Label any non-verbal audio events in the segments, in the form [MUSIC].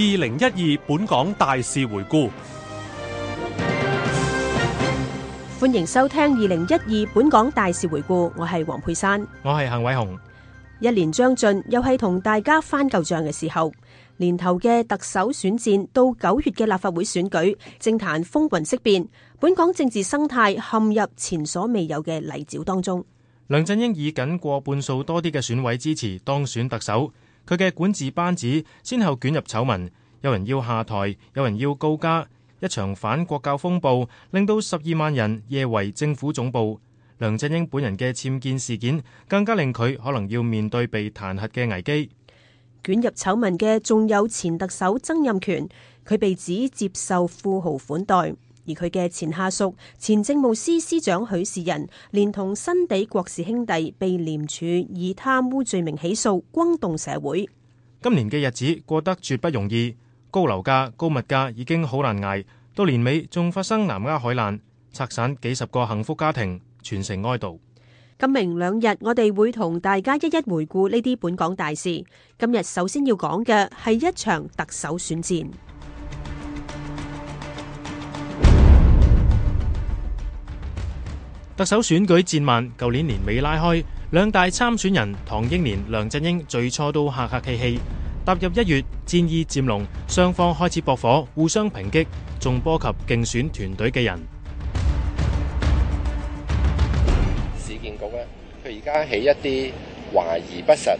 二零一二本港大事回顧，歡迎收聽二零一二本港大事回顧。我係黃佩珊，我係幸偉雄。一年將盡，又係同大家翻舊賬嘅時候。年頭嘅特首選戰到九月嘅立法會選舉，政壇風雲色變，本港政治生態陷入前所未有嘅泥沼當中。梁振英以僅過半數多啲嘅選委支持當選特首。佢嘅管治班子先後捲入醜聞，有人要下台，有人要告家。一場反國教風暴令到十二萬人夜圍政府總部。梁振英本人嘅僭建事件更加令佢可能要面對被彈劾嘅危機。捲入醜聞嘅仲有前特首曾蔭權，佢被指接受富豪款待。而佢嘅前下屬、前政務司司長許仕仁，連同新地郭氏兄弟被廉署以貪污罪名起訴，轟動社會。今年嘅日子過得絕不容易，高樓價、高物價已經好難捱，到年尾仲發生南丫海難，拆散幾十個幸福家庭，全城哀悼。今明兩日，我哋會同大家一一回顧呢啲本港大事。今日首先要講嘅係一場特首選戰。特首選舉戰幔，舊年年尾拉開，兩大參選人唐英年、梁振英最初都客客氣氣，踏入一月，戰意漸濃，雙方開始博火，互相抨擊，仲波及競選團隊嘅人。市建局咧，佢而家起一啲華而不實、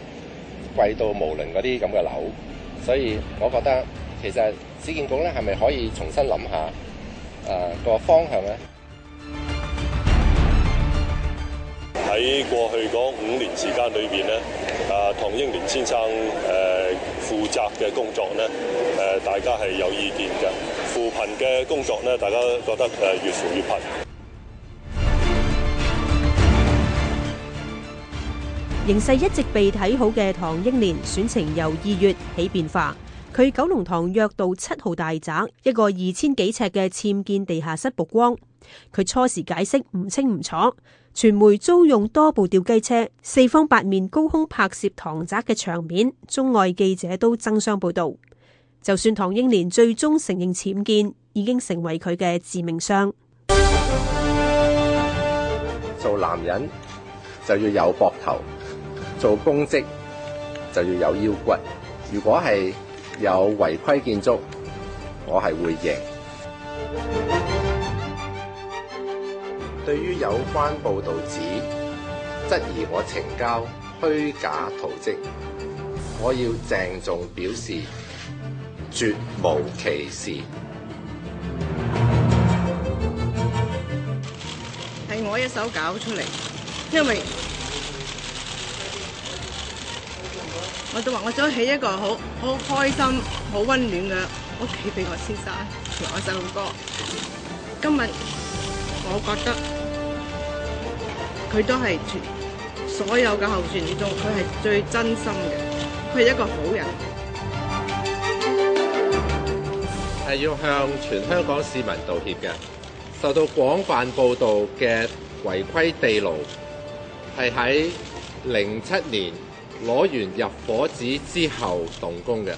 貴到無倫嗰啲咁嘅樓，所以我覺得其實市建局咧係咪可以重新諗下誒個方向咧？喺過去嗰五年時間裏邊咧，啊唐英年先生誒負責嘅工作咧，誒大家係有意見嘅，扶貧嘅工作咧，大家覺得誒越扶越貧。形勢一直被睇好嘅唐英年選情由二月起變化。去九龍塘約道七號大宅，一個二千幾尺嘅僭建地下室曝光。佢初時解釋唔清唔楚，傳媒租用多部吊雞車，四方八面高空拍攝唐宅嘅場面，中外記者都爭相報道。就算唐英年最終承認僭建，已經成為佢嘅致命傷。做男人就要有膊頭，做公職就要有腰骨。如果係有違規建築，我係會贏。對於有關報道指質疑我呈交虛假圖蹟，我要鄭重表示絕無其事，係我一手搞出嚟，因為。我都話我想起一個好好開心、好溫暖嘅屋企俾我先生同我細路哥，今日我覺得佢都係全所有嘅候選之中，佢係最真心嘅，佢係一個好人。係要向全香港市民道歉嘅，受到廣泛報道嘅違規地牢，係喺零七年。攞完入伙紙之後動工嘅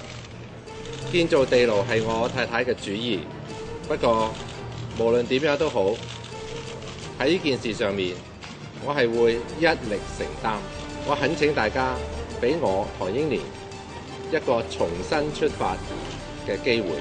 建造地牢係我太太嘅主意。不過無論點樣都好喺呢件事上面，我係會一力承擔。我懇請大家俾我唐英年一個重新出發嘅機會。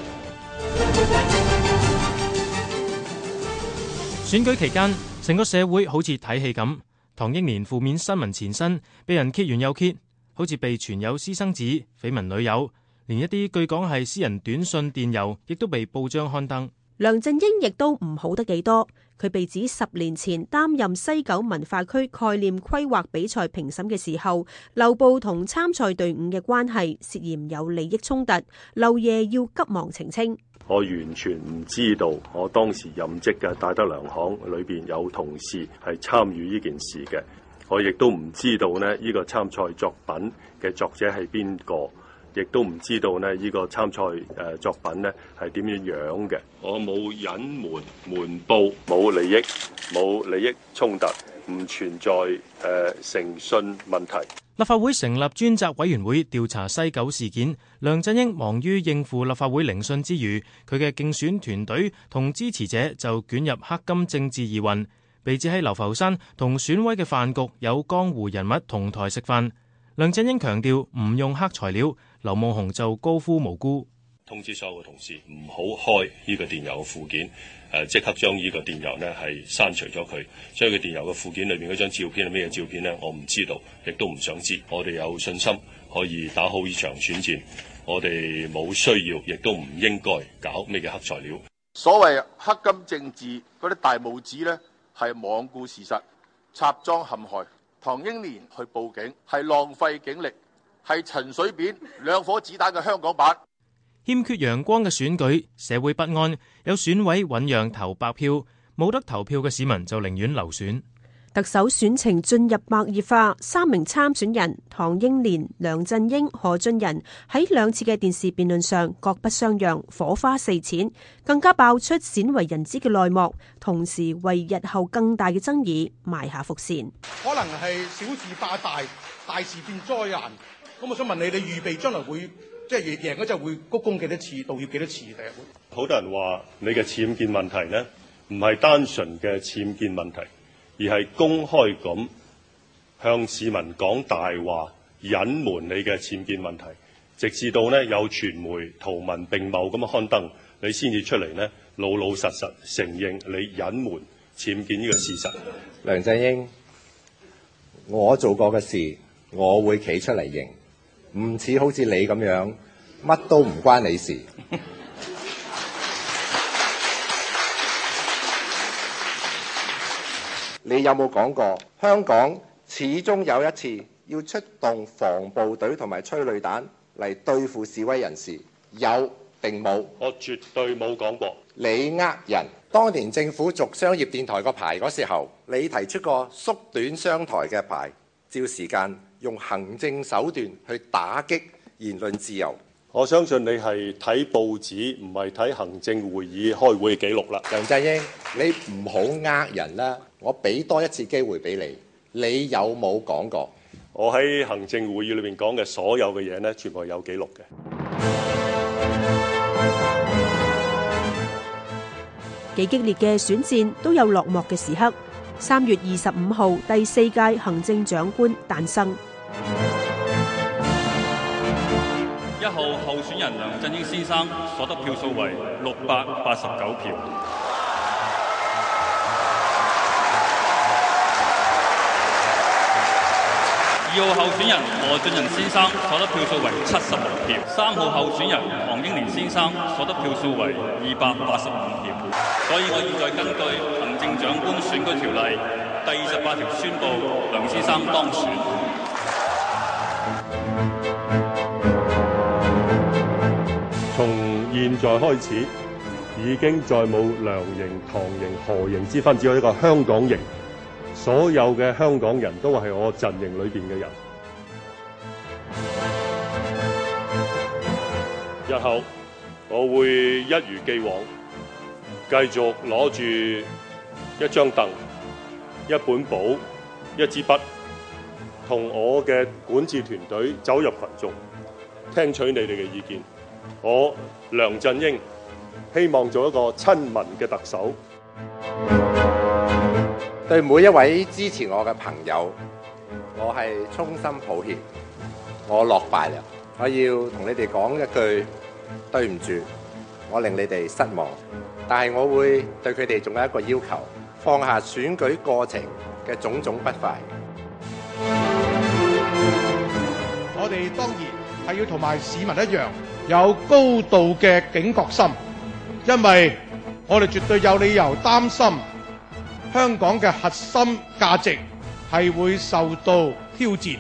選舉期間，成個社會好似睇戲咁。唐英年負面新聞纏身，被人揭完又揭。好似被傳有私生子、緋聞女友，連一啲據講係私人短信電郵，亦都被報章刊登。梁振英亦都唔好得幾多，佢被指十年前擔任西九文化區概念規劃比賽評審嘅時候，漏報同參賽隊伍嘅關係，涉嫌有利益衝突，漏夜要急忙澄清。我完全唔知道，我當時任職嘅戴德梁行裏邊有同事係參與呢件事嘅。我亦都唔知道呢，呢、這個參賽作品嘅作者係邊個，亦都唔知道呢，呢、這個參賽誒作品呢，係點樣樣嘅。我冇隱瞞、瞞報，冇利益，冇利益衝突，唔存在誒、呃、誠信問題。立法會成立專責委員會調查西九事件，梁振英忙於應付立法會聆訊之餘，佢嘅競選團隊同支持者就捲入黑金政治疑雲。被指喺流浮山同選委嘅飯局有江湖人物同台食飯，梁振英強調唔用黑材料，劉夢熊就高呼無辜。通知所有嘅同事唔好開呢個電郵嘅附件，誒，即刻將呢個電郵呢係刪除咗佢。將佢電郵嘅附件裏邊嗰張照片係咩嘢照片呢？我唔知道，亦都唔想知。我哋有信心可以打好呢場選戰，我哋冇需要，亦都唔應該搞咩嘅黑材料。所謂黑金政治嗰啲大帽子咧，係罔顧事實、插贓陷害，唐英年去報警係浪費警力，係陳水扁兩顆子彈嘅香港版。欠缺陽光嘅選舉，社會不安，有選委醞釀投白票，冇得投票嘅市民就寧願流選。特首選情進入白熱化，三名參選人唐英年、梁振英、何俊仁喺兩次嘅電視辯論上各不相讓，火花四濺，更加爆出鮮為人知嘅內幕，同時為日後更大嘅爭議埋下伏線。可能係小事化大，大事變災難。咁我想問你，你預備將來會即係贏贏咗之後會鞠躬幾多次，道歉幾多次咧？好多人話你嘅僭建問題呢，唔係單純嘅僭建問題。而係公開咁向市民講大話，隱瞞你嘅僭建問題，直至到呢有傳媒圖文並茂咁樣刊登，你先至出嚟呢老老實實承認你隱瞞僭建呢個事實。梁振英，我做過嘅事，我會企出嚟認，唔似好似你咁樣乜都唔關你事！你有冇講有過香港始終有一次要出動防暴隊同埋催淚彈嚟對付示威人士？有定冇？我絕對冇講過。你呃人，當年政府逐商業電台個牌嗰時候，你提出一個縮短商台嘅牌，照時間用行政手段去打擊言論自由。我相信你係睇報紙，唔係睇行政會議開會記錄啦。梁振英，你唔好呃人啦！我俾多一次機會俾你，你有冇講過？我喺行政會議裏面講嘅所有嘅嘢呢，全部係有記錄嘅。幾激烈嘅選戰都有落幕嘅時刻。三月二十五號，第四屆行政長官誕生。一號候選人梁振英先生所得票數為六百八十九票。二號候選人何俊仁先生所得票數為七十六票。三號候選人唐英年先生所得票數為二百八十五票。所以，我現在根據《行政長官選舉條例》第二十八條宣布梁先生當選。再開始已經再冇梁營、唐營、何營之分，只有一個香港營。所有嘅香港人都係我陣營裏邊嘅人。日後我會一如既往，繼續攞住一張凳、一本簿、一支筆，同我嘅管治團隊走入群眾，聽取你哋嘅意見。我梁振英希望做一個親民嘅特首。對每一位支持我嘅朋友，我係衷心抱歉，我落敗啦。我要同你哋講一句，對唔住，我令你哋失望。但係我會對佢哋仲有一個要求，放下選舉過程嘅種種不快。我哋當然係要同埋市民一樣。有高度嘅警覺心，因為我哋絕對有理由擔心香港嘅核心價值係會受到挑戰。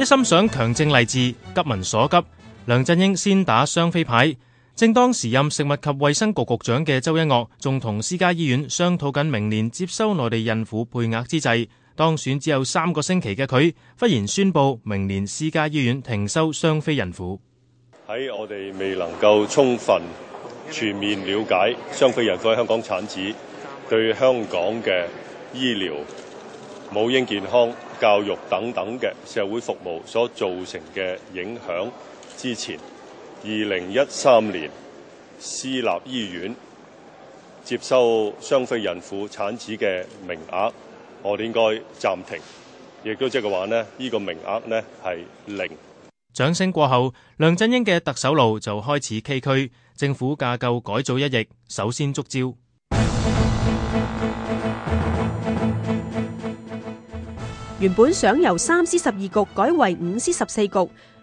一心想強政勵治，急民所急，梁振英先打雙飛牌。正當時任食物及衛生局局長嘅周一岳，仲同私家醫院商討緊明年接收內地孕婦配額之際。當選只有三個星期嘅佢，忽然宣布明年私家醫院停收雙非孕婦。喺我哋未能夠充分全面了解雙非孕婦喺香港產子對香港嘅醫療、母嬰健康、教育等等嘅社會服務所造成嘅影響之前，二零一三年私立醫院接收雙非孕婦產子嘅名額。我哋應該暫停，亦都即係話咧，呢個名額咧係零。掌聲過後，梁振英嘅特首路就開始崎嶇。政府架構改造一役，首先捉招。原本想由三司十二局改為五司十四局，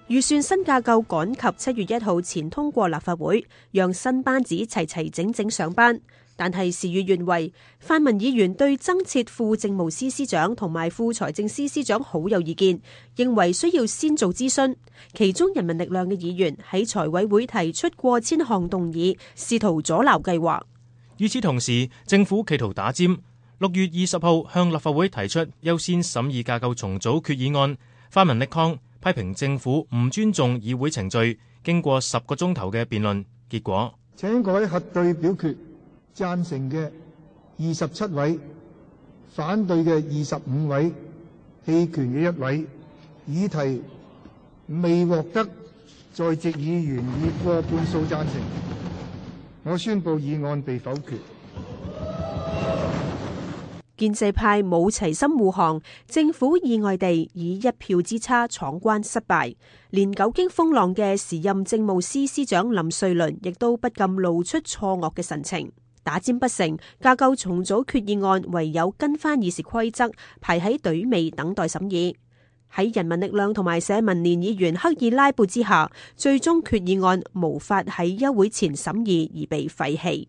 預算新架構趕及七月一號前通過立法會，讓新班子齊齊整整上班。但係事與願違，泛民議員對增設副政務司司長同埋副財政司司長好有意見，認為需要先做諮詢。其中人民力量嘅議員喺財委會提出過千項動議，試圖阻撓計劃。與此同時，政府企圖打尖，六月二十號向立法會提出優先審議架構重組決議案。泛民力抗批評政府唔尊重議會程序，經過十個鐘頭嘅辯論，結果請改核對表決。贊成嘅二十七位，反對嘅二十五位，棄權嘅一位，議題未獲得在席議員以過半數贊成，我宣布議案被否決。建制派冇齊心護航，政府意外地以一票之差闖關失敗。連久經風浪嘅時任政務司司長林瑞麟亦都不禁露出錯愕嘅神情。打尖不成，架構重組決議案唯有跟翻議事規則排喺隊尾等待審議。喺人民力量同埋社民連議員刻意拉布之下，最終決議案無法喺休會前審議而被廢棄。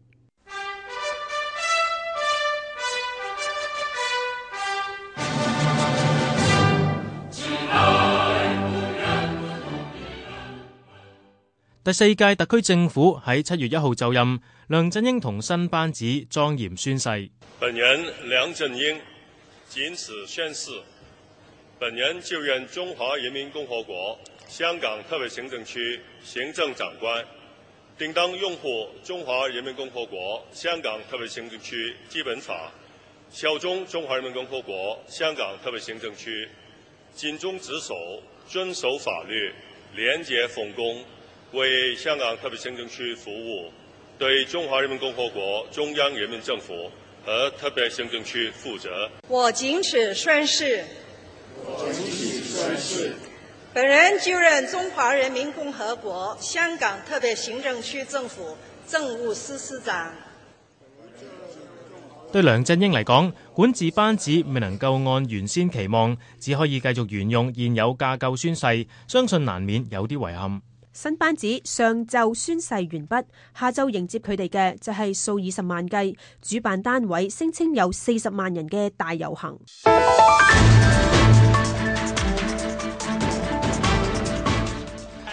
第四屆特區政府喺七月一號就任，梁振英同新班子莊嚴宣誓。本人梁振英，謹此宣誓：本人就任中華人民共和國香港特別行政區行政長官，定當擁護中華人民共和國香港特別行政區基本法，效忠中華人民共和國香港特別行政區，盡忠職守，遵守法律，廉潔奉公。為香港特別行政區服務，對中華人民共和國中央人民政府和特別行政區負責。我謹此宣誓。我謹此宣誓。本人就任中華人民共和國香港特別行政區政府政務司司長。對梁振英嚟講，管治班子未能夠按原先期望，只可以繼續沿用現有架構宣誓，相信難免有啲遺憾。新班子上晝宣誓完畢，下晝迎接佢哋嘅就係數以十萬計，主辦單位聲稱有四十萬人嘅大遊行。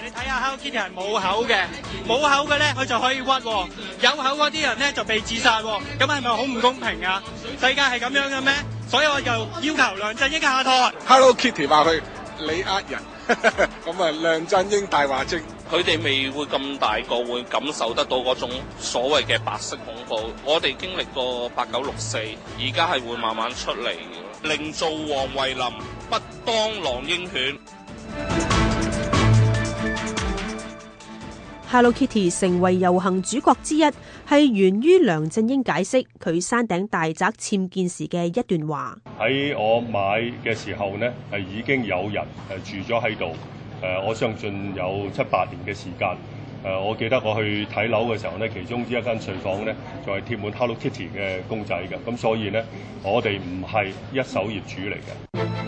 你睇下 Hello Kitty 係冇口嘅，冇口嘅咧，佢就可以屈，有口嗰啲人咧就被自殺，咁係咪好唔公平啊？世界係咁樣嘅咩？所以我就要求梁振英下台。Hello Kitty 話佢，你呃人。咁啊， [LAUGHS] 梁振英大話精，佢哋未會咁大個會感受得到嗰種所謂嘅白色恐怖。我哋經歷過八九六四，而家係會慢慢出嚟嘅。寧做王維林，不當狼鷹犬。Hello Kitty 成為遊行主角之一，係源於梁振英解釋佢山頂大宅僭建時嘅一段話。喺我買嘅時候呢，係已經有人係住咗喺度。誒，我相信有七八年嘅時間。誒，我記得我去睇樓嘅時候呢，其中之一間睡房咧，就係貼滿 Hello Kitty 嘅公仔嘅。咁所以呢，我哋唔係一手業主嚟嘅。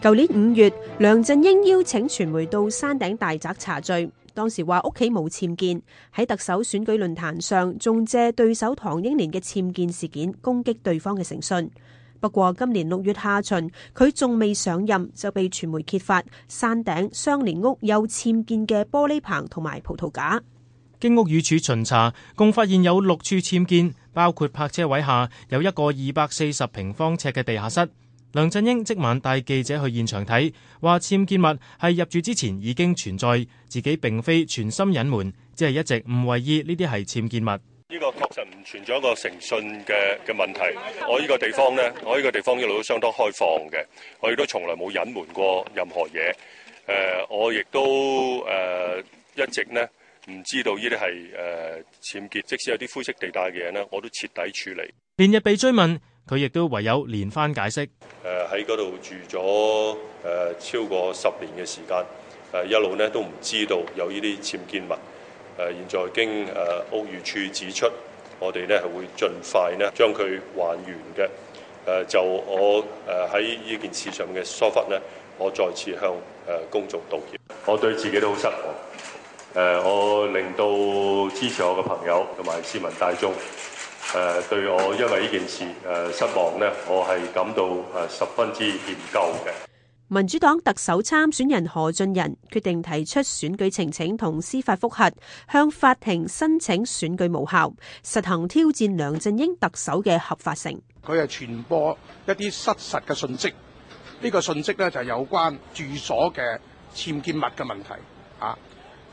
舊年五月，梁振英邀請傳媒到山頂大宅茶聚，當時話屋企冇僭建。喺特首選舉論壇上，仲借對手唐英年嘅僭建事件攻擊對方嘅誠信。不過今年六月下旬，佢仲未上任，就被傳媒揭發山頂相連屋有僭建嘅玻璃棚同埋葡萄架。經屋宇署巡查，共發現有六處僭建，包括泊車位下有一個二百四十平方尺嘅地下室。梁振英即晚帶記者去現場睇，話僭建物係入住之前已經存在，自己並非全心隱瞞，只係一直唔為意呢啲係僭建物。呢個確實唔存在一個誠信嘅嘅問題。我呢個地方呢，我呢個地方一路都相當開放嘅，我亦都從來冇隱瞞過任何嘢。誒、呃，我亦都誒、呃、一直呢，唔知道呢啲係誒僭建，即使有啲灰色地帶嘅嘢呢，我都徹底處理。連日被追問。佢亦都唯有連番解釋。誒喺嗰度住咗誒超過十年嘅時間，誒一路咧都唔知道有呢啲僭建物。誒現在經誒屋宇署指出，我哋呢係會盡快咧將佢還原嘅。誒就我誒喺呢件事上嘅疏忽呢，我再次向誒公眾道歉。我對自己都好失望。誒我令到支持我嘅朋友同埋市民大眾。誒、呃、對我因為呢件事、呃、失望呢，我係感到、呃、十分之歉疚嘅。民主黨特首參選人何俊仁決定提出選舉呈請同司法復核，向法庭申請選舉無效，實行挑戰梁振英特首嘅合法性。佢係傳播一啲失實嘅訊息，呢、這個訊息呢就係、是、有關住所嘅僭建物嘅問題啊。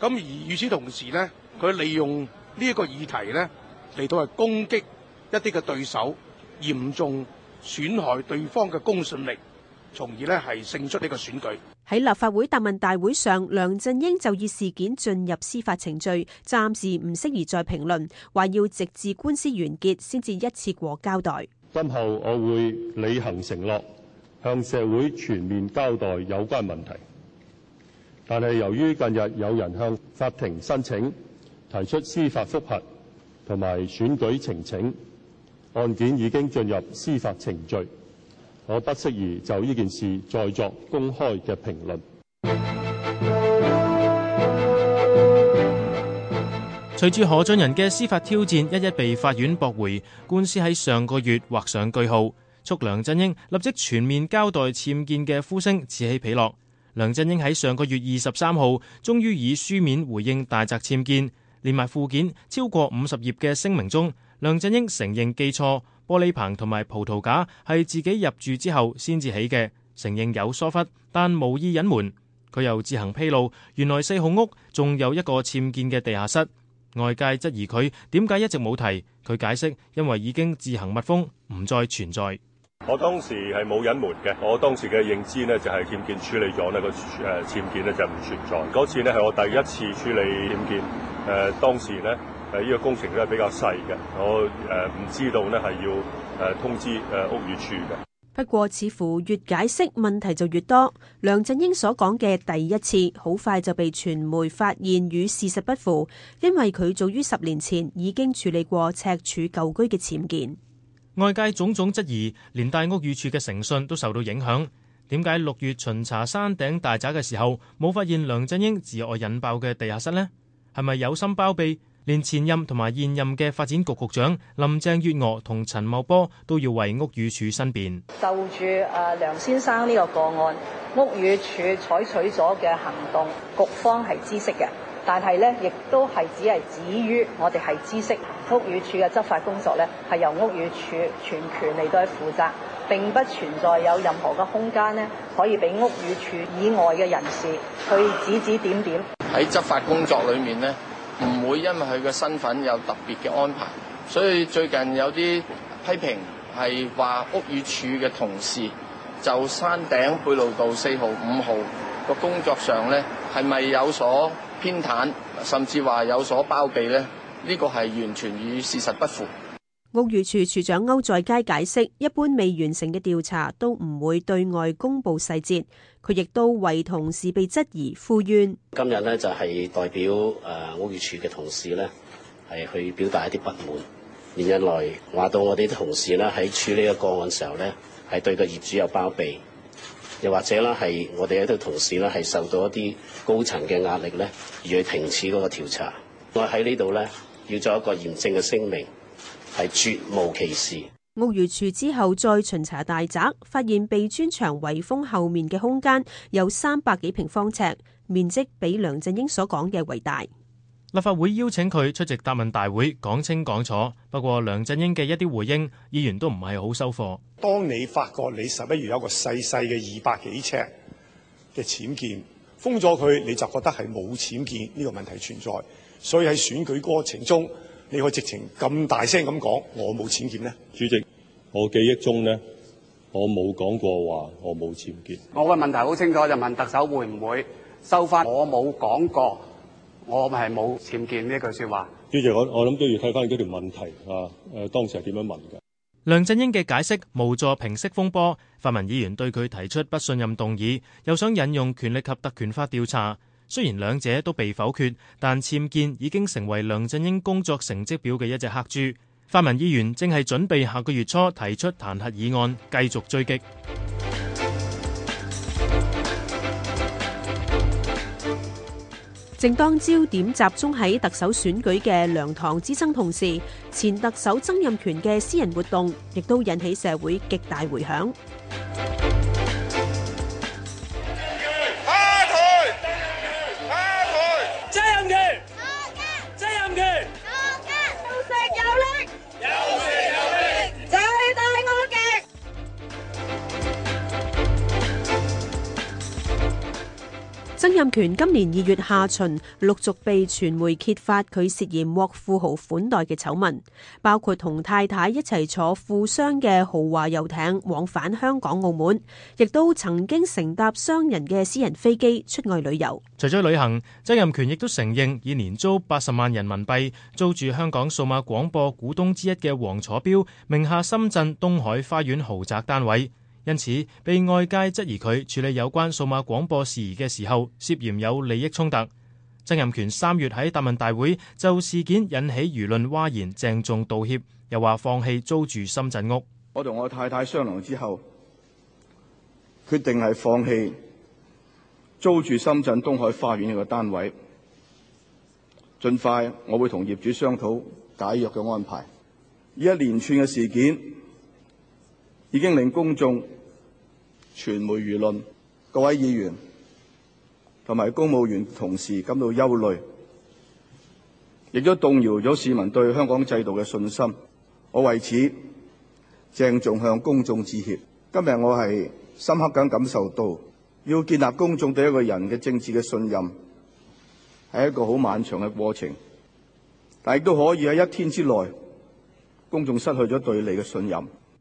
咁而與此同時呢，佢利用呢個個議題呢嚟都係攻擊一啲嘅對手，嚴重損害對方嘅公信力，從而咧係勝出呢個選舉。喺立法會答問大會上，梁振英就以事件進入司法程序，暫時唔適宜再評論，話要直至官司完結先至一次過交代。今後我會履行承諾，向社會全面交代有關問題。但係由於近日有人向法庭申請提出司法覆核，同埋選舉呈請，案件已經進入司法程序，我不適宜就呢件事再作公開嘅評論。隨住何俊仁嘅司法挑戰一一被法院駁回，官司喺上個月劃上句號。促梁振英立即全面交代僭建嘅呼聲此起彼落。梁振英喺上個月二十三號，終於以書面回應大宅僭建。連埋附件超過五十頁嘅聲明中，梁振英承認記錯玻璃棚同埋葡萄架係自己入住之後先至起嘅，承認有疏忽但無意隱瞞。佢又自行披露，原來四號屋仲有一個僭建嘅地下室，外界質疑佢點解一直冇提。佢解釋因為已經自行密封，唔再存在。我當時係冇隱瞞嘅，我當時嘅認知呢，就係僭建處理咗呢個誒僭建咧就唔存在，嗰次呢，係我第一次處理僭建，誒當時咧誒呢個工程都係比較細嘅，我誒唔知道呢，係要誒通知誒屋宇署嘅。不過似乎越解釋問題就越多，梁振英所講嘅第一次好快就被傳媒發現與事實不符，因為佢早於十年前已經處理過赤柱舊居嘅僭建。外界種種質疑，連帶屋宇署嘅誠信都受到影響。點解六月巡查山頂大宅嘅時候，冇發現梁振英自外引爆嘅地下室咧？係咪有心包庇？連前任同埋現任嘅發展局局長林鄭月娥同陳茂波都要為屋宇署申辯。就住誒梁先生呢個個案，屋宇署採取咗嘅行動，局方係知悉嘅。但係咧，亦都係只係止於我哋係知識屋宇署嘅執法工作咧，係由屋宇署全權嚟到去負責，並不存在有任何嘅空間咧，可以俾屋宇署以外嘅人士去指指點點喺執法工作裏面咧，唔會因為佢嘅身份有特別嘅安排，所以最近有啲批評係話屋宇署嘅同事就山頂貝路道四號五號個工作上咧係咪有所偏袒，甚至話有所包庇咧，呢個係完全與事實不符。屋宇署署長歐在佳解釋，一般未完成嘅調查都唔會對外公布細節，佢亦都為同事被質疑呼冤。今日咧就係代表誒屋宇署嘅同事咧，係去表達一啲不滿。連日來話到我哋啲同事咧，喺處理個個案的時候咧，係對個業主有包庇。又或者啦，係我哋喺度同事咧，係受到一啲高層嘅壓力咧，而去停止嗰個調查。我喺呢度咧，要做一個嚴正嘅聲明，係絕無其事。屋宇署之後再巡查大宅，發現被磚牆圍封後面嘅空間有三百幾平方尺，面積比梁振英所講嘅為大。立法會邀請佢出席答問大會，講清講楚。不過梁振英嘅一啲回應，議員都唔係好收貨。當你發覺你十一月有個細細嘅二百幾尺嘅僭建，封咗佢，你就覺得係冇僭建呢個問題存在。所以喺選舉過程中，你可以直情咁大聲咁講，我冇僭建呢，主席，我記憶中呢，我冇講過話我冇僭建。我嘅問題好清楚，就問特首會唔會收翻？我冇講過。我咪係冇僭建呢句説話。跟住我我諗都要睇翻嗰條問題啊！誒、啊，當時係點樣問嘅？梁振英嘅解釋無助平息風波，泛民議員對佢提出不信任動議，又想引用權力及特權法調查。雖然兩者都被否決，但僭建已經成為梁振英工作成績表嘅一隻黑豬。泛民議員正係準備下個月初提出彈劾議案，繼續追擊。正當焦點集中喺特首選舉嘅梁唐之爭同時，前特首曾蔭權嘅私人活動亦都引起社會極大回響。曾蔭權今年二月下旬陸續被傳媒揭發佢涉嫌獲富豪款待嘅醜聞，包括同太太一齊坐富商嘅豪華遊艇往返香港澳門，亦都曾經乘搭商人嘅私人飛機出外旅遊。除咗旅行，曾蔭權亦都承認以年租八十萬人民幣租住香港數碼廣播股東之一嘅黃楚標名下深圳東海花園豪宅單位。因此，被外界質疑佢處理有關數碼廣播事宜嘅時候，涉嫌有利益衝突。曾蔭權三月喺答問大會就事件引起輿論嘩然，鄭重道歉，又話放棄租住深圳屋。我同我太太商量之後，決定係放棄租住深圳東海花園呢個單位。盡快我會同業主商討解約嘅安排。一連串嘅事件，已經令公眾。傳媒輿論，各位議員同埋公務員同事感到憂慮，亦都動搖咗市民對香港制度嘅信心。我為此鄭重向公眾致歉。今日我係深刻咁感受到，要建立公眾對一個人嘅政治嘅信任，係一個好漫長嘅過程。但亦都可以喺一天之內，公眾失去咗對你嘅信任。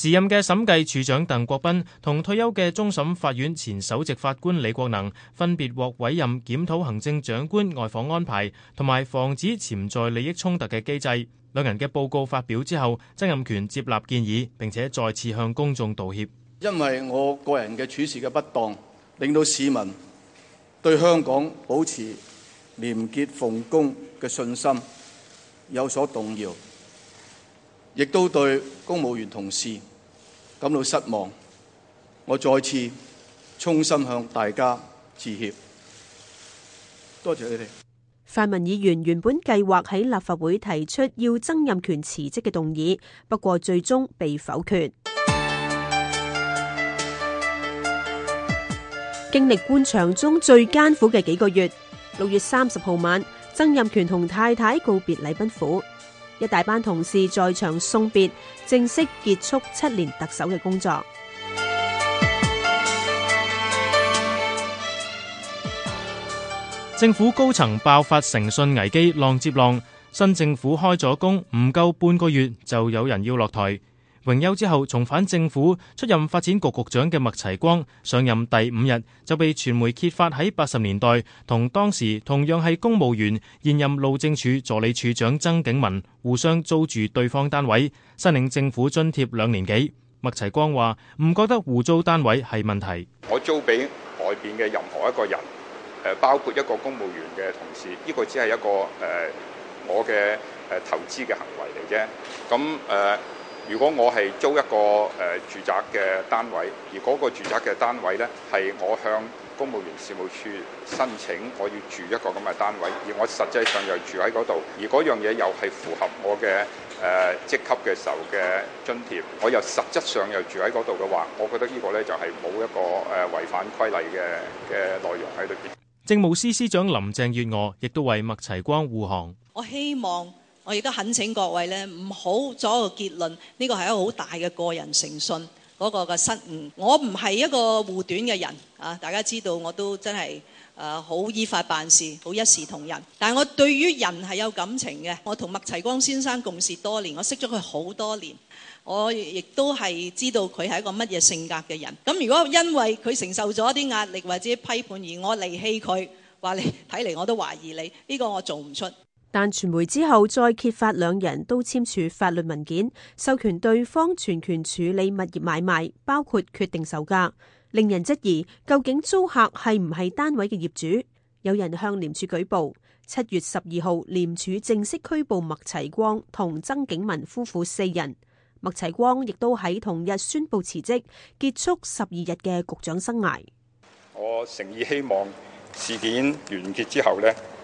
時任嘅審計處長鄧國斌同退休嘅終審法院前首席法官李國能分別獲委任檢討行政長官外訪安排同埋防止潛在利益衝突嘅機制。兩人嘅報告發表之後，曾蔭權接納建議，並且再次向公眾道歉。因為我個人嘅處事嘅不當，令到市民對香港保持廉潔奉公嘅信心有所動搖，亦都對公務員同事感到失望，我再次衷心向大家致歉。多謝你哋。泛民議員原本計劃喺立法會提出要曾蔭權辭職嘅動議，不過最終被否決。經歷官場中最艱苦嘅幾個月，六月三十號晚，曾蔭權同太太告別禮賓府。一大班同事在場送別，正式結束七年特首嘅工作。政府高層爆發誠信危機，浪接浪。新政府開咗工，唔夠半個月就有人要落台。榮休之後重返政府出任發展局局長嘅麥齊光上任第五日就被傳媒揭發喺八十年代同當時同樣係公務員、現任路政署助理署長曾景文互相租住對方單位，申領政府津貼兩年幾。麥齊光話唔覺得互租單位係問題。我租俾外邊嘅任何一個人，誒，包括一個公務員嘅同事，呢個只係一個誒我嘅誒投資嘅行為嚟啫，咁誒。如果我係租一個誒住宅嘅單位，而嗰個住宅嘅單位呢，係我向公務員事務處申請我要住一個咁嘅單位，而我實際上又住喺嗰度，而嗰樣嘢又係符合我嘅誒職級嘅時候嘅津貼，我又實際上又住喺嗰度嘅話，我覺得呢個呢，就係冇一個誒違反規例嘅嘅內容喺度。政務司司長林鄭月娥亦都為麥齊光護航。我希望。我亦都懇請各位呢，唔好作一個結論，呢個係一個好大嘅個人誠信嗰、那個嘅失誤。我唔係一個護短嘅人啊！大家知道我都真係誒好依法辦事，好一視同仁。但我對於人係有感情嘅。我同麥齊光先生共事多年，我認識咗佢好多年，我亦都係知道佢係一個乜嘢性格嘅人。咁如果因為佢承受咗啲壓力或者批判而我離棄佢，話你睇嚟我都懷疑你，呢、這個我做唔出。但傳媒之後再揭發兩人都簽署法律文件，授權對方全權處理物業買賣，包括決定售價，令人質疑究竟租客係唔係單位嘅業主？有人向廉署舉報。七月十二號，廉署正式拘捕麥齊光同曾景文夫婦四人。麥齊光亦都喺同日宣布辭職，結束十二日嘅局長生涯。我誠意希望事件完結之後呢。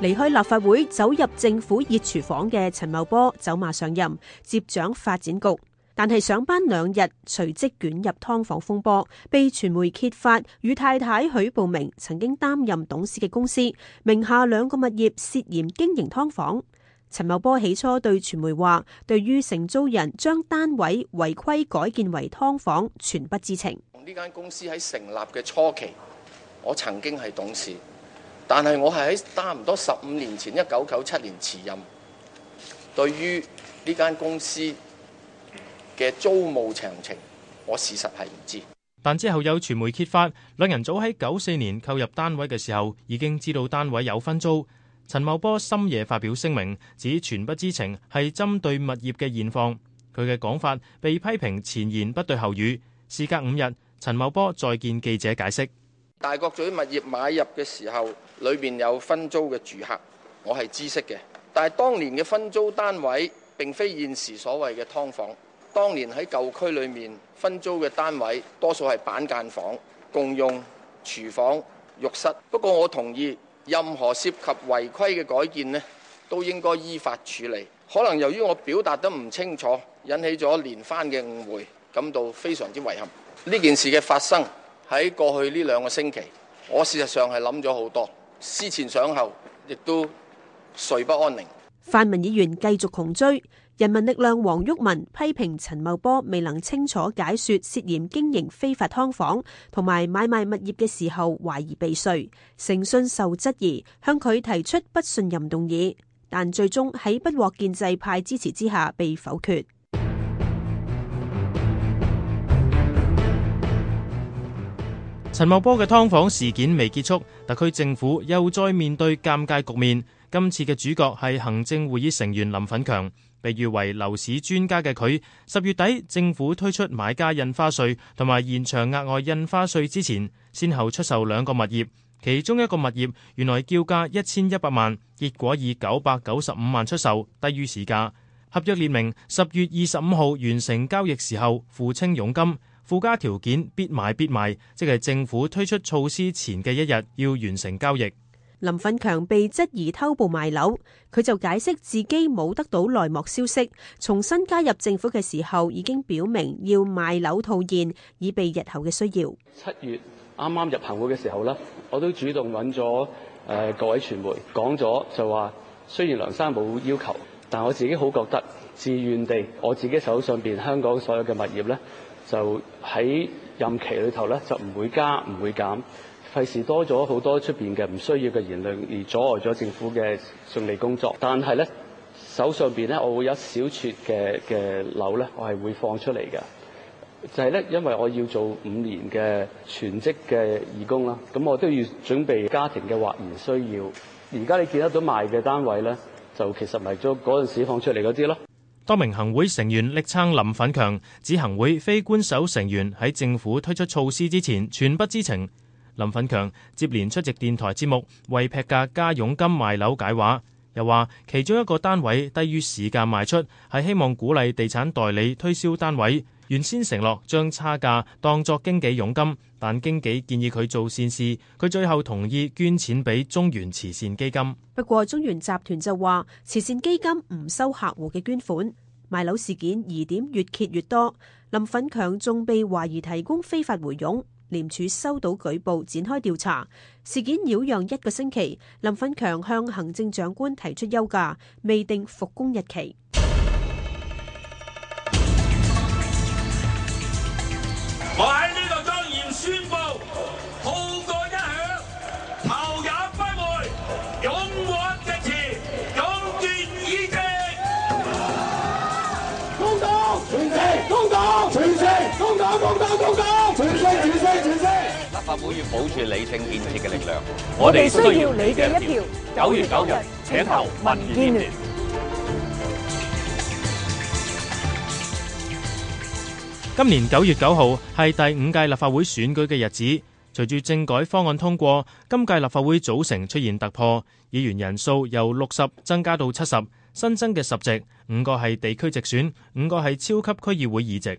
離開立法會走入政府熱廚房嘅陳茂波走馬上任接掌發展局，但係上班兩日隨即捲入劏房風波，被傳媒揭發與太太許步明曾經擔任董事嘅公司名下兩個物業涉嫌經營劏房。陳茂波起初對傳媒話：對於承租人將單位違規改建為㓥房，全不知情。呢間公司喺成立嘅初期，我曾經係董事。但係我係喺差唔多十五年前，一九九七年辭任，對於呢間公司嘅租務詳情，我事實係唔知。但之後有傳媒揭發，兩人早喺九四年購入單位嘅時候，已經知道單位有分租。陳茂波深夜發表聲明，指全不知情，係針對物業嘅現況。佢嘅講法被批評前言不對後語。事隔五日，陳茂波再見記者解釋。大角咀物業買入嘅時候，裏面有分租嘅住客，我係知悉嘅。但係當年嘅分租單位，並非現時所謂嘅劏房。當年喺舊區裏面分租嘅單位，多數係板間房，共用廚房、浴室。不過我同意，任何涉及違規嘅改建呢，都應該依法處理。可能由於我表達得唔清楚，引起咗連番嘅誤會，感到非常之遺憾。呢件事嘅發生。喺過去呢兩個星期，我事實上係諗咗好多，思前想後，亦都睡不安寧。泛民議員繼續窮追，人民力量黃毓民批評陳茂波未能清楚解説涉嫌經營非法劏房同埋買賣物業嘅時候懷疑避稅、誠信受質疑，向佢提出不信任動議，但最終喺不獲建制派支持之下被否決。陳茂波嘅㓥房事件未結束，特區政府又再面對尷尬局面。今次嘅主角係行政會議成員林奮強，被譽為樓市專家嘅佢，十月底政府推出買家印花稅同埋現場額外印花稅之前，先後出售兩個物業，其中一個物業原來叫價一千一百萬，結果以九百九十五萬出售，低於市價。合約列明十月二十五號完成交易時候付清佣金。附加條件必買必賣，即係政府推出措施前嘅一日要完成交易。林奮強被質疑偷步賣樓，佢就解釋自己冇得到內幕消息。重新加入政府嘅時候，已經表明要賣樓套現，以備日後嘅需要。七月啱啱入行會嘅時候咧，我都主動揾咗誒各位傳媒講咗，就話雖然梁生冇要求，但我自己好覺得，自願地我自己手上邊香港所有嘅物業咧。就喺任期裏頭咧，就唔會加唔會減，費事多咗好多出邊嘅唔需要嘅言論，而阻礙咗政府嘅順利工作。但係咧，手上邊咧，我會有一小撮嘅嘅樓咧，我係會放出嚟嘅。就係咧，因為我要做五年嘅全職嘅義工啦，咁我都要準備家庭嘅或然需要。而家你見得到賣嘅單位咧，就其實咪咗嗰陣時放出嚟嗰啲咯。多名行會成員力撐林奮強，指行會非官守成員喺政府推出措施之前全不知情。林奮強接連出席電台節目，為劈價加佣金賣樓解話。又話其中一個單位低於市價賣出，係希望鼓勵地產代理推銷單位。原先承諾將差價當作經紀佣金，但經紀建議佢做善事，佢最後同意捐錢俾中原慈善基金。不過，中原集團就話慈善基金唔收客戶嘅捐款。賣樓事件疑點越揭越多，林奮強仲被懷疑提供非法回佣。廉署收到舉報，展開調查。事件擾攘一個星期，林奮強向行政長官提出休假，未定復工日期。我喺呢度莊嚴宣佈，號角一響，頭也不回，勇往直前，勇奪意志。公道全城，公道全城，公道公道公道。可以保住理性建設嘅力量。我哋需要你嘅一票。九月九日，請投民建聯。今年九月九號係第五屆立法會選舉嘅日子。隨住政改方案通過，今屆立法會組成出現突破，議員人數由六十增加到七十，新增嘅十席，五個係地區直選，五個係超級區議會議席。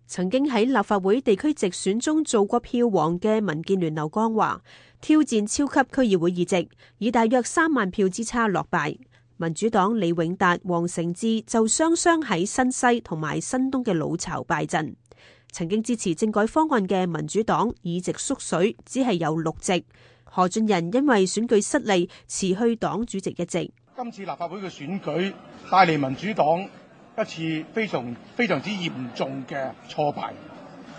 曾經喺立法會地區直選中做過票王嘅民建聯劉江華挑戰超級區議會議席，以大約三萬票之差落敗。民主黨李永達、黃成智就雙雙喺新西同埋新東嘅老巢敗陣。曾經支持政改方案嘅民主黨議席縮水，只係有六席。何俊仁因為選舉失利辭去黨主席一職。今次立法會嘅選舉帶嚟民主黨，一次非常非常之嚴重嘅挫敗。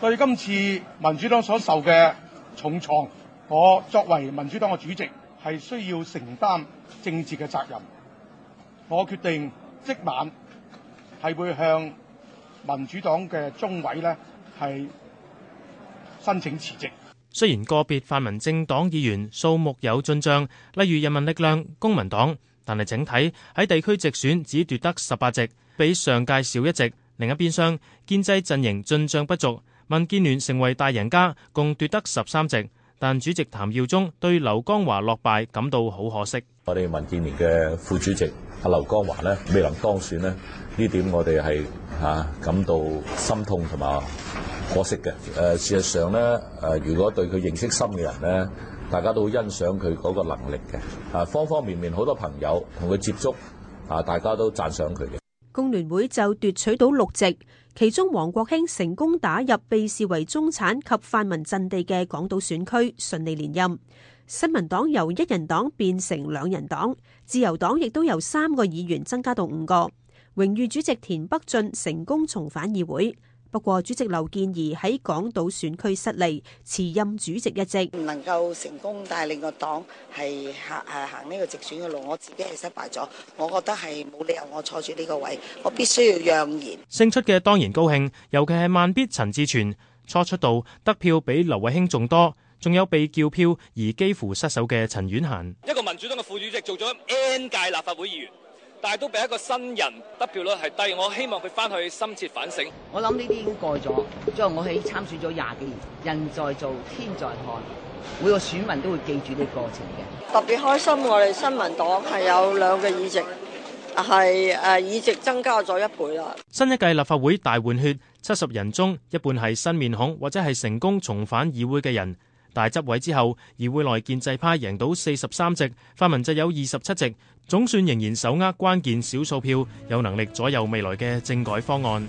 對今次民主黨所受嘅重創，我作為民主黨嘅主席係需要承擔政治嘅責任。我決定即晚係會向民主黨嘅中委咧，係申請辭職。雖然個別泛民政黨議員數目有進賬，例如人民力量、公民黨。但係整體喺地區直選只奪得十八席，比上屆少一席。另一邊廂，建制陣營進賬不足，民建聯成為大贏家，共奪得十三席。但主席譚耀宗對劉江華落敗感到好可惜。我哋民建聯嘅副主席阿劉江華咧未能當選咧，呢點我哋係吓感到心痛同埋可惜嘅。誒、呃，事實上咧誒、呃，如果對佢認識深嘅人呢大家都好欣賞佢嗰個能力嘅，啊，方方面面好多朋友同佢接觸，啊，大家都讚賞佢嘅。工聯會就奪取到六席，其中王國興成功打入被視為中產及泛民陣地嘅港島選區，順利連任。新民黨由一人黨變成兩人黨，自由黨亦都由三個議員增加到五個。榮譽主席田北俊成功重返議會。不過主席劉健儀喺港島選區失利，辭任主席一職，唔能夠成功帶領個黨係行，誒行呢個直選嘅路，我自己係失敗咗，我覺得係冇理由我坐住呢個位，我必須要讓賢。勝出嘅當然高興，尤其係慢必陳志全初出道得票比劉慧卿仲多，仲有被叫票而幾乎失手嘅陳婉嫻。一個民主黨嘅副主席做咗 N 屆立法會議員。但係都俾一個新人，得票率係低，我希望佢返去深切反省。我諗呢啲已經過咗，最後我喺參選咗廿幾年，人在做天在看，每個選民都會記住呢個過程嘅。特別開心，我哋新民黨係有兩個議席，係誒議席增加咗一倍啦。新一屆立法會大換血，七十人中一半係新面孔，或者係成功重返議會嘅人。大執位之後，而會內建制派贏到四十三席，泛民就有二十七席，總算仍然手握關鍵少數票，有能力左右未來嘅政改方案。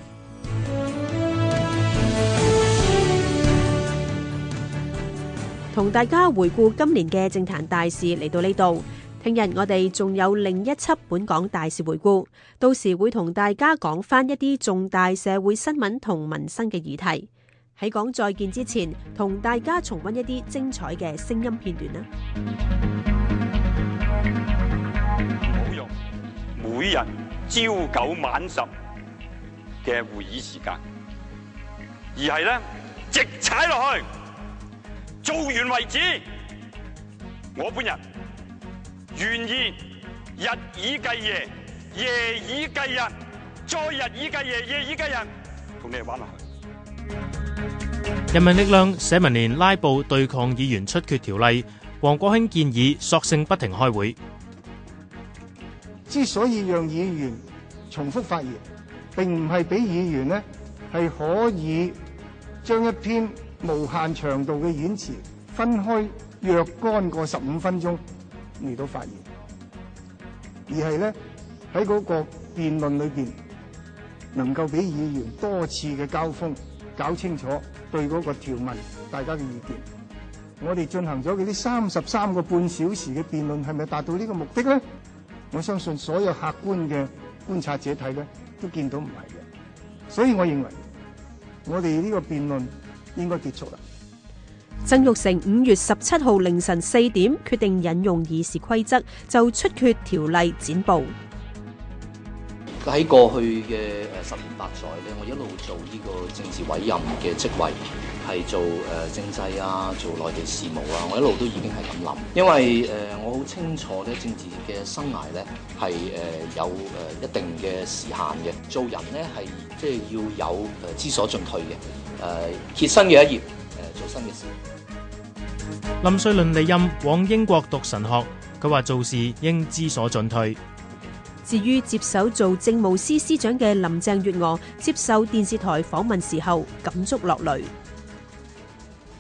同大家回顧今年嘅政壇大事嚟到呢度，聽日我哋仲有另一輯本港大事回顧，到時會同大家講翻一啲重大社會新聞同民生嘅議題。喺講再見之前，同大家重温一啲精彩嘅聲音片段啦！唔好用每日朝九晚十嘅會議時間，而係咧直踩落去，做完為止。我本人願意日以繼夜，夜以繼日，再日以繼夜，夜以繼日，同你哋玩落去。人民力量社民連拉布對抗議員出缺條例，王國興建議索性不停開會。之所以讓議員重複發言，並唔係俾議員呢係可以將一篇無限長度嘅演詞分開若干個十五分鐘嚟到發言，而係呢，喺嗰個辯論裏邊能夠俾議員多次嘅交鋒，搞清楚。對嗰個條文，大家嘅意見，我哋進行咗佢啲三十三個半小時嘅辯論，係咪達到呢個目的呢？我相信所有客觀嘅觀察者睇呢，都見到唔係嘅，所以我認為我哋呢個辯論應該結束啦。曾鈺成五月十七號凌晨四點決定引用議事規則，就出缺條例展布。喺過去嘅誒十年八載咧，我一路做呢個政治委任嘅職位，係做誒政制啊，做內地事務啊，我一路都已經係咁諗。因為誒我好清楚咧，政治嘅生涯咧係誒有誒一定嘅時限嘅，做人咧係即係要有知所進退嘅誒，揭新嘅一頁誒，做新嘅事。林瑞麟離任，往英國讀神學。佢話：做事應知所進退。至於接手做政務司司長嘅林鄭月娥接受電視台訪問時候，感觸落淚，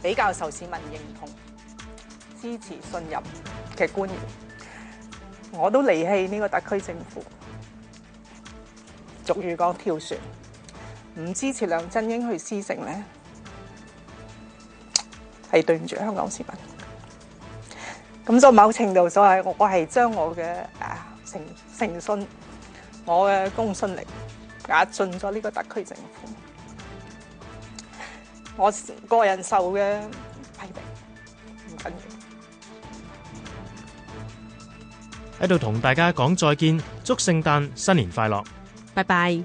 比較受市民認同、支持、信任嘅官員，我都離棄呢個特區政府。俗語講跳船，唔支持梁振英去施政咧，係對唔住香港市民。咁在某程度上係我，我係將我嘅誒。誠信，我嘅公信力也盡咗呢個特區政府，我個人受嘅批評唔緊要。喺度同大家講再見，祝聖誕，新年快樂，拜拜。